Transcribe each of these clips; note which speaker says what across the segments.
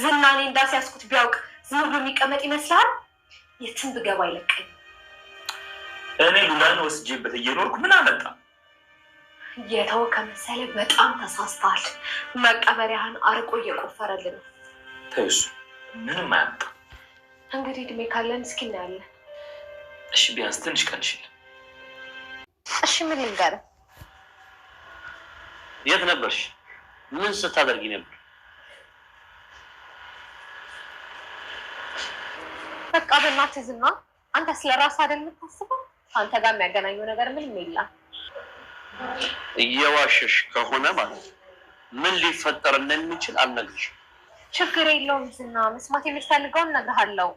Speaker 1: ዝናኔ እንዳስያዝኩት ቢያውቅ ዝም ብሎ የሚቀመጥ ይመስላል? የትም ብገባ አይለቀኝ። እኔ ሉላን ወስጄበት እየኖርኩ ምን አመጣ?
Speaker 2: የተው ከመሰለ በጣም ተሳስተሃል። መቀበሪያህን አርቆ እየቆፈረልን ነው። ምንም አያመጣ። እንግዲህ እድሜ ካለን እስኪ እናያለን።
Speaker 1: እሺ ቢያንስ ትንሽ ቀንሽል።
Speaker 2: እሺ ምን ልንገርህ?
Speaker 1: የት ነበርሽ? ምን ስታደርጊ ነበር?
Speaker 2: በቃ በእናትህ ዝና፣ አንተ ስለ ራስህ አይደል የምታስበው? አንተ ጋር የሚያገናኘው ነገር ምንም የለም።
Speaker 1: እየዋሸሽ ከሆነ ማለት ምን ሊፈጠር እንደሚችል አልነግርሽም።
Speaker 2: ችግር የለውም ዝና፣ መስማት የምትፈልገውን እነግርሃለሁ።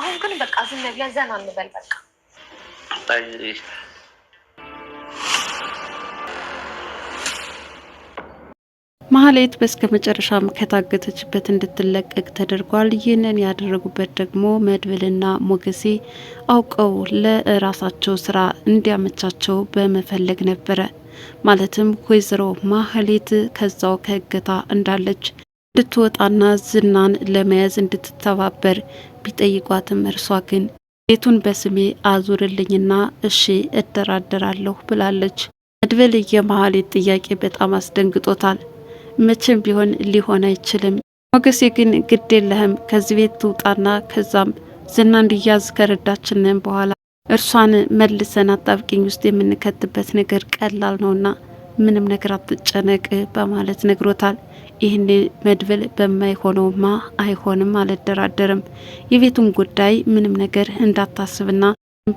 Speaker 2: አሁን ግን በቃ ዝም ብለን ዘና እንበል በቃ
Speaker 3: ማህሌት በስከ መጨረሻም ከታገተችበት እንድትለቀቅ ተደርጓል። ይህንን ያደረጉበት ደግሞ መድብልና ሞገሴ አውቀው ለራሳቸው ስራ እንዲያመቻቸው በመፈለግ ነበረ። ማለትም ወይዘሮ ማህሌት ከዛው ከእገታ እንዳለች እንድትወጣና ዝናን ለመያዝ እንድትተባበር ቢጠይቋትም እርሷ ግን ቤቱን በስሜ አዙርልኝና እሺ እደራደራለሁ ብላለች። መድብል የመሀሌት ጥያቄ በጣም አስደንግጦታል። መቼም ቢሆን ሊሆን አይችልም። ሞገሴ ግን ግድ የለህም ከዚህ ቤት ትውጣና ከዛም ዝና እንዲያዝ ከረዳችንን በኋላ እርሷን መልሰን አጣብቂኝ ውስጥ የምንከትበት ነገር ቀላል ነውና ምንም ነገር አትጨነቅ በማለት ነግሮታል። ይህን መድብል በማይሆነውማ አይሆንም አልደራደርም። የቤቱን ጉዳይ ምንም ነገር እንዳታስብና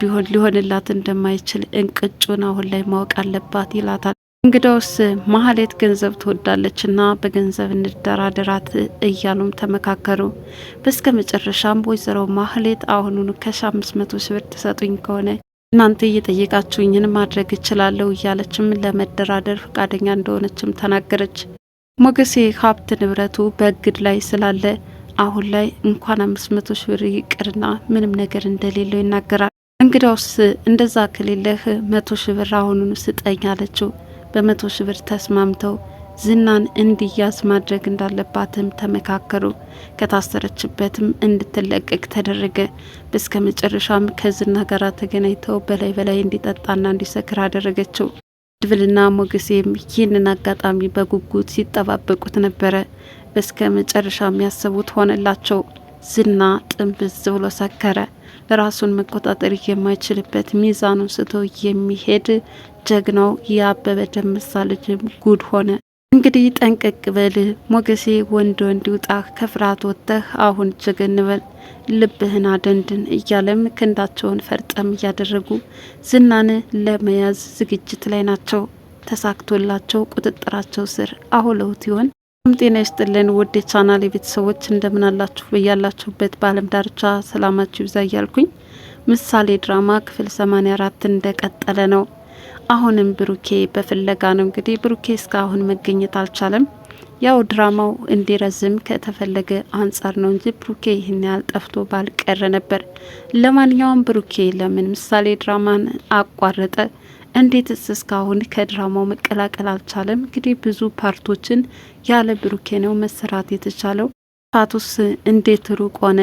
Speaker 3: ቢሆን ሊሆንላት እንደማይችል እንቅጩን አሁን ላይ ማወቅ አለባት ይላታል። እንግዳውስ ማህሌት ገንዘብ ትወዳለችና በገንዘብ እንደራደራት እያሉም ተመካከሩ። በስከ መጨረሻም ወይዘሮ ማህሌት አሁኑን ከሺ አምስት መቶ ሺህ ብር ትሰጡኝ ከሆነ እናንተ እየጠየቃችሁኝን ማድረግ እችላለሁ እያለችም ለመደራደር ፈቃደኛ እንደሆነችም ተናገረች። ሞገሴ ሀብት ንብረቱ በእግድ ላይ ስላለ አሁን ላይ እንኳን አምስት መቶ ሺህ ብር ይቅርና ምንም ነገር እንደሌለው ይናገራል። እንግዳውስ እንደዛ ከሌለህ መቶ ሺህ ብር አሁኑን ስጠኝ አለችው። በመቶ ሺህ ብር ተስማምተው ዝናን እንዲያዝ ማድረግ እንዳለባትም ተመካከሩ። ከታሰረችበትም እንድትለቀቅ ተደረገ። በስከ መጨረሻም ከዝና ጋር ተገናኝተው በላይ በላይ እንዲጠጣና እንዲሰክር አደረገችው። ድብልና ሞገሴም ይህንን አጋጣሚ በጉጉት ሲጠባበቁት ነበረ። በስከ መጨረሻም ያሰቡት ሆነላቸው። ዝና ጥንብዝ ብሎ ሰከረ። ራሱን መቆጣጠር የማይችልበት ሚዛኑን ስቶ የሚሄድ ጀግናው የአበበ ደመሳ ልጅም ጉድ ሆነ። እንግዲህ ጠንቀቅ በል ሞገሴ፣ ወንድ ወንድ ውጣ፣ ከፍርሃት ወጥተህ አሁን ጀገን በል፣ ልብህን አደንድን እያለም ክንዳቸውን ፈርጠም እያደረጉ ዝናን ለመያዝ ዝግጅት ላይ ናቸው። ተሳክቶላቸው ቁጥጥራቸው ስር አውለውት ይሆን? ጤና ይስጥልን ውድ የቻናል የቤተሰቦች እንደምናላችሁ በያላችሁበት በአለም ዳርቻ ሰላማችሁ ይብዛ እያልኩኝ ምሳሌ ድራማ ክፍል 84 እንደቀጠለ ነው። አሁንም ብሩኬ በፍለጋ ነው። እንግዲህ ብሩኬ እስካሁን መገኘት አልቻለም። ያው ድራማው እንዲረዝም ከተፈለገ አንጻር ነው እንጂ ብሩኬ ይህን ያህል ጠፍቶ ባልቀረ ነበር። ለማንኛውም ብሩኬ ለምን ምሳሌ ድራማን አቋረጠ? እንዴትስ እስካሁን ከድራማው መቀላቀል አልቻለም? እንግዲህ ብዙ ፓርቶችን ያለ ብሩኬ ነው መሰራት የተቻለው። ፋቱስ እንዴት ሩቅ ሆነ?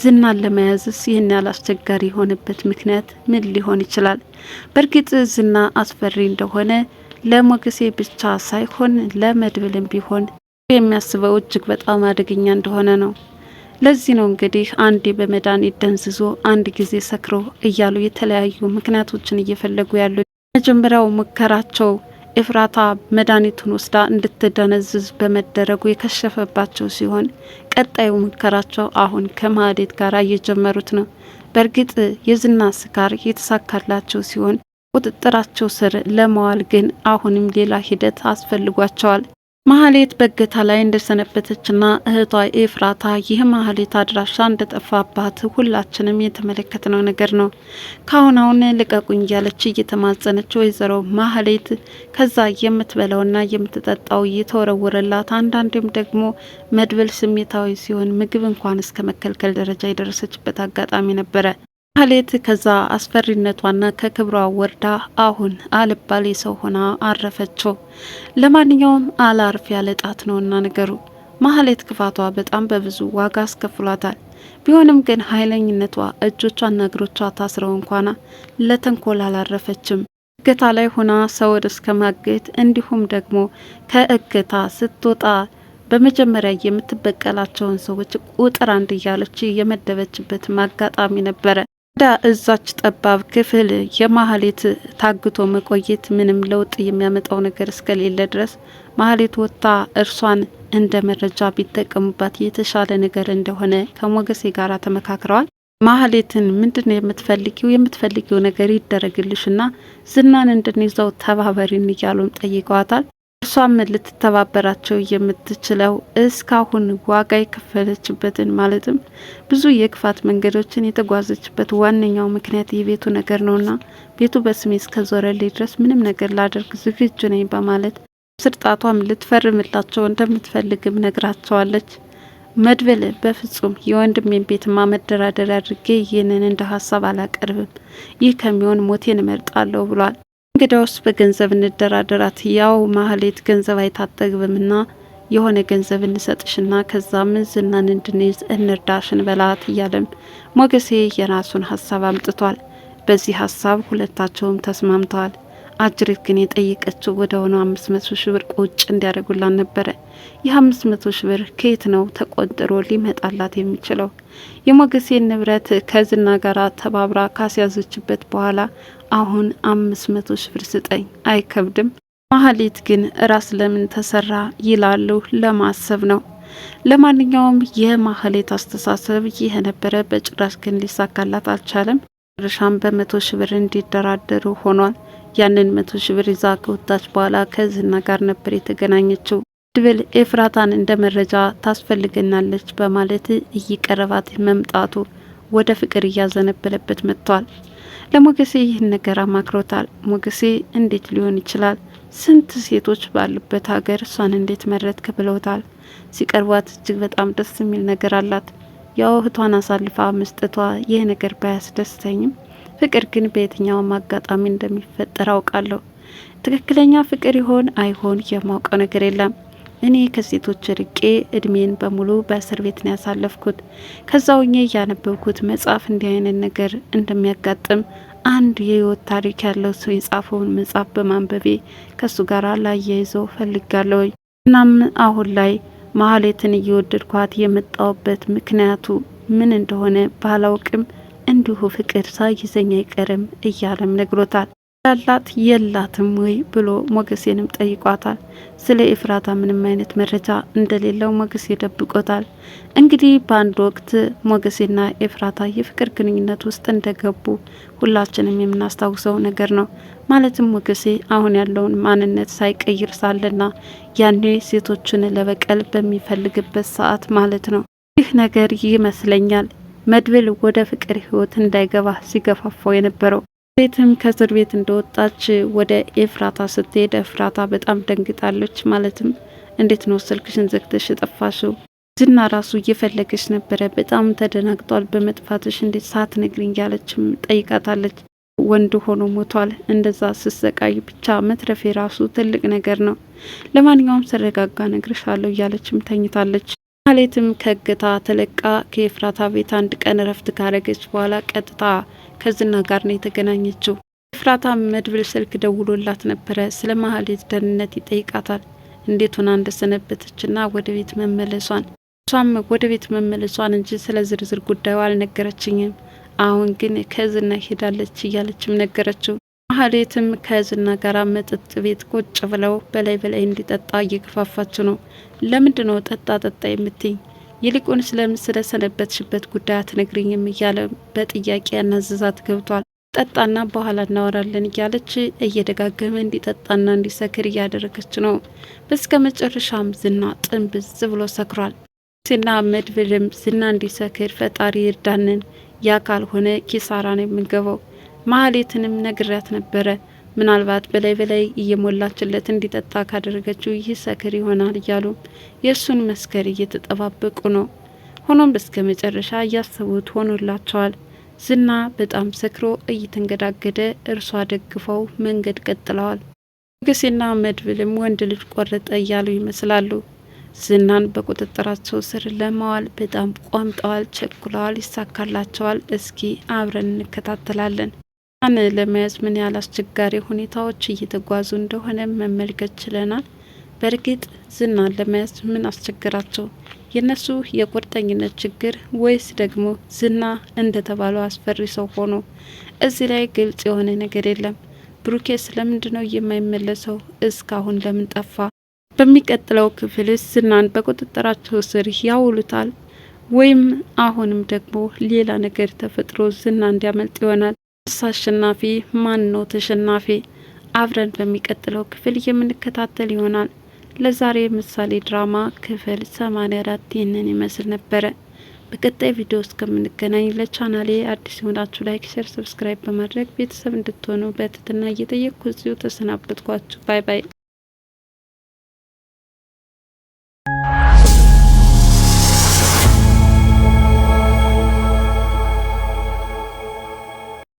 Speaker 3: ዝናን ለመያዝስ ይህን ያህል አስቸጋሪ የሆነበት ምክንያት ምን ሊሆን ይችላል? በእርግጥ ዝና አስፈሪ እንደሆነ ለሞገሴ ብቻ ሳይሆን ለመድብልም ቢሆን የሚያስበው እጅግ በጣም አደገኛ እንደሆነ ነው። ለዚህ ነው እንግዲህ አንዴ በመድኃኒት ደንዝዞ አንድ ጊዜ ሰክሮ እያሉ የተለያዩ ምክንያቶችን እየፈለጉ ያሉ። መጀመሪያው ሙከራቸው ኤፍራታ መድኃኒቱን ወስዳ እንድትደነዝዝ በመደረጉ የከሸፈባቸው ሲሆን ቀጣዩ ሙከራቸው አሁን ከማህሌት ጋር እየጀመሩት ነው። በእርግጥ የዝና ስካር የተሳካላቸው ሲሆን ቁጥጥራቸው ስር ለመዋል ግን አሁንም ሌላ ሂደት አስፈልጓቸዋል። ማህሌት በእገታ ላይ እንደሰነበተችና እህቷ ኤፍራታ ይህ ማህሌት አድራሻ እንደጠፋባት ሁላችንም የተመለከትነው ነገር ነው። ካሁን አሁን ልቀቁኝ እያለች እየተማጸነች ወይዘሮ ማህሌት ከዛ የምትበላውና የምትጠጣው እየተወረወረላት፣ አንዳንዴም ደግሞ መድብል ስሜታዊ ሲሆን ምግብ እንኳን እስከ መከልከል ደረጃ የደረሰችበት አጋጣሚ ነበረ። ማህሌት ከዛ አስፈሪነቷና ከክብሯ ወርዳ አሁን አልባሌ ሰው ሆና አረፈችው። ለማንኛውም አላርፍ ያለ ጣት ነውና ነገሩ። ማህሌት ክፋቷ በጣም በብዙ ዋጋ አስከፍሏታል። ቢሆንም ግን ኃይለኝነቷ እጆቿና እግሮቿ ታስረው እንኳና ለተንኮል አላረፈችም። እገታ ላይ ሆና ሰውን እስከ ማገት እንዲሁም ደግሞ ከእገታ ስትወጣ በመጀመሪያ የምትበቀላቸውን ሰዎች ቁጥር አንድ እያለች የመደበችበት አጋጣሚ ነበረ። ዳ እዛች ጠባብ ክፍል የማህሌት ታግቶ መቆየት ምንም ለውጥ የሚያመጣው ነገር እስከሌለ ድረስ ማህሌት ወጥታ እርሷን እንደ መረጃ ቢጠቀሙባት የተሻለ ነገር እንደሆነ ከሞገሴ ጋር ተመካክረዋል። ማህሌትን ምንድን ነው የምትፈልጊው? የምትፈልጊው ነገር ይደረግልሽና ዝናን እንድንይዘው ተባበሪን እያሉም ጠይቀዋታል። እሷም ልትተባበራቸው የምትችለው እስካሁን ዋጋ የከፈለችበትን ማለትም ብዙ የክፋት መንገዶችን የተጓዘችበት ዋነኛው ምክንያት የቤቱ ነገር ነውና ቤቱ በስሜ እስከዞረልኝ ድረስ ምንም ነገር ላደርግ ዝግጁ ነኝ በማለት ስርጣቷም ልትፈርምላቸው እንደምትፈልግም ነግራቸዋለች። መድብል በፍጹም የወንድሜን ቤትማ መደራደር አድርጌ ይህንን እንደ ሀሳብ አላቀርብም፣ ይህ ከሚሆን ሞቴን እመርጣለሁ ብሏል። እንግዲያውስ በገንዘብ እንደራደራት። ያው ማህሌት ገንዘብ አይታጠግብምና የሆነ ገንዘብ እንሰጥሽና ከዛም ዝናን እንድንይዝ እንርዳሽን በላት እያለም ሞገሴ የራሱን ሀሳብ አምጥቷል። በዚህ ሀሳብ ሁለታቸውም ተስማምተዋል። አጅሬት ግን የጠየቀችው ወደ ሆነው አምስት መቶ ሺ ብር ቁጭ እንዲያደርጉላን ነበረ። አምስት መቶ ሺ ብር ከየት ነው ተቆንጥሮ ሊመጣላት የሚችለው? የሞገሴን ንብረት ከዝና ጋር ተባብራ ካስያዘችበት በኋላ አሁን አምስት መቶ ሺ ብር ስጠኝ አይከብድም። ማህሌት ግን ራስ ለምን ተሰራ ይላሉ ለማሰብ ነው። ለማንኛውም የማህሌት አስተሳሰብ ይህ የነበረ በጭራሽ ግን ሊሳካላት አልቻለም። መጨረሻም በመቶ ሺ ብር እንዲደራደሩ ሆኗል። ያንን መቶ ሺ ብር ይዛ ከወጣች በኋላ ከዝና ጋር ነበር የተገናኘችው። ድብል ኤፍራታን እንደ መረጃ ታስፈልገናለች በማለት እየቀረባት መምጣቱ ወደ ፍቅር እያዘነበለበት መጥቷል። ለሞገሴ ይህን ነገር አማክሮታል። ሞገሴ እንዴት ሊሆን ይችላል? ስንት ሴቶች ባሉበት ሀገር እሷን እንዴት መረጥክ ብለውታል። ሲቀርቧት እጅግ በጣም ደስ የሚል ነገር አላት። ያው እህቷን አሳልፋ መስጠቷ ይህ ነገር ባያስደስተኝም ፍቅር ግን በየትኛውም አጋጣሚ እንደሚፈጠር አውቃለሁ። ትክክለኛ ፍቅር ይሆን አይሆን የማውቀው ነገር የለም። እኔ ከሴቶች ርቄ እድሜን በሙሉ በእስር ቤት ነው ያሳለፍኩት። ከዛ ውኜ ያነበብኩት መጽሐፍ እንዲህ አይነት ነገር እንደሚያጋጥም አንድ የህይወት ታሪክ ያለው ሰው የጻፈውን መጽሐፍ በማንበቤ ከእሱ ጋር ላያይዘው ፈልጋለሁ። እናም አሁን ላይ ማህሌትን እየወደድኳት የመጣውበት ምክንያቱ ምን እንደሆነ ባላውቅም እንዲሁ ፍቅር ሳይዘኝ አይቀርም እያለም ነግሮታል። ያላት የላትም ወይ ብሎ ሞገሴንም ጠይቋታል። ስለ ኤፍራታ ምንም አይነት መረጃ እንደሌለው ሞገሴ ደብቆታል። እንግዲህ በአንድ ወቅት ሞገሴና ኤፍራታ የፍቅር ግንኙነት ውስጥ እንደገቡ ሁላችንም የምናስታውሰው ነገር ነው። ማለትም ሞገሴ አሁን ያለውን ማንነት ሳይቀይር ሳለና ያኔ ሴቶችን ለበቀል በሚፈልግበት ሰዓት ማለት ነው። ይህ ነገር ይመስለኛል መድብል ወደ ፍቅር ህይወት እንዳይገባ ሲገፋፋው የነበረው። ቤትም ከእስር ቤት እንደወጣች ወደ ኤፍራታ ስትሄድ ኤፍራታ በጣም ደንግጣለች። ማለትም እንዴት ነው ስልክሽን ዘግተሽ የጠፋሽው? ዝና ራሱ እየፈለገች ነበረ። በጣም ተደናግጧል። በመጥፋትሽ እንዴት ሰዓት ነግሪኝ እያለችም ጠይቃታለች። ወንድ ሆኖ ሞቷል። እንደዛ ስሰቃይ ብቻ መትረፌ ራሱ ትልቅ ነገር ነው። ለማንኛውም ስረጋጋ ነግርሻለሁ እያለችም ተኝታለች። ማህሌትም ከእገታ ተለቃ ከኤፍራታ ቤት አንድ ቀን እረፍት ካረገች በኋላ ቀጥታ ከዝና ጋር ነው የተገናኘችው። ኤፍራታ መድብል ስልክ ደውሎላት ነበረ። ስለ ማህሌት ደህንነት ይጠይቃታል። እንዴት ሆና እንደሰነበተችና ወደ ቤት መመለሷን እሷም ወደ ቤት መመለሷን እንጂ ስለ ዝርዝር ጉዳዩ አልነገረችኝም፣ አሁን ግን ከዝና ሄዳለች እያለችም ነገረችው። ማህሌትም ከዝና ጋር መጠጥ ቤት ቁጭ ብለው በላይ በላይ እንዲጠጣ እየገፋፋች ነው። ለምንድ ነው ጠጣ ጠጣ የምትኝ? ይልቁን ስለምን ስለሰነበትሽበት ጉዳይ አትነግሪኝም? እያለ በጥያቄ ያናዘዛት ገብቷል። ጠጣና በኋላ እናወራለን እያለች እየደጋገመ እንዲጠጣና እንዲሰክር እያደረገች ነው። በስከ መጨረሻም ዝና ጥንብዝ ብሎ ሰክሯል። ሲና መድብልም ዝና እንዲሰክር ፈጣሪ እርዳንን፣ ያ ካልሆነ ኪሳራ ነው የምንገባው ማህሌትንም ነግሪያት ነበረ። ምናልባት በላይ በላይ እየሞላችለት እንዲጠጣ ካደረገችው ይህ ሰክር ይሆናል እያሉ የእሱን መስከር እየተጠባበቁ ነው። ሆኖም እስከ መጨረሻ እያሰቡት ሆኖላቸዋል። ዝና በጣም ሰክሮ እየተንገዳገደ እርሷ ደግፈው መንገድ ቀጥለዋል። ሞገሴና መድብልም ወንድ ልጅ ቆረጠ እያሉ ይመስላሉ። ዝናን በቁጥጥራቸው ስር ለማዋል በጣም ቋምጠዋል፣ ቸኩለዋል። ይሳካላቸዋል? እስኪ አብረን እንከታተላለን። ን ለመያዝ ምን ያህል አስቸጋሪ ሁኔታዎች እየተጓዙ እንደሆነ መመልከት ችለናል። በእርግጥ ዝናን ለመያዝ ምን አስቸግራቸው? የእነሱ የቁርጠኝነት ችግር ወይስ ደግሞ ዝና እንደተባለው አስፈሪ ሰው ሆኖ? እዚህ ላይ ግልጽ የሆነ ነገር የለም። ብሩኬ ስለምንድን ነው የማይመለሰው? እስካሁን ለምን ጠፋ? በሚቀጥለው ክፍልስ ዝናን በቁጥጥራቸው ስር ያውሉታል ወይም አሁንም ደግሞ ሌላ ነገር ተፈጥሮ ዝና እንዲያመልጥ ይሆናል? ሳ አሸናፊ ማን ነው ተሸናፊ? አብረን በሚቀጥለው ክፍል የምንከታተል ይሆናል። ለዛሬ ምሳሌ ድራማ ክፍል 84 ይህንን ይመስል ነበረ። በቀጣይ ቪዲዮ እስከምንገናኝ ለቻናሌ አዲስ የሆናችሁ ላይክ፣ ሼር፣ ሰብስክራይብ በማድረግ ቤተሰብ እንድትሆኑ በትህትና እየጠየቅኩ እዚሁ ተሰናብትኳችሁ። ባይ ባይ።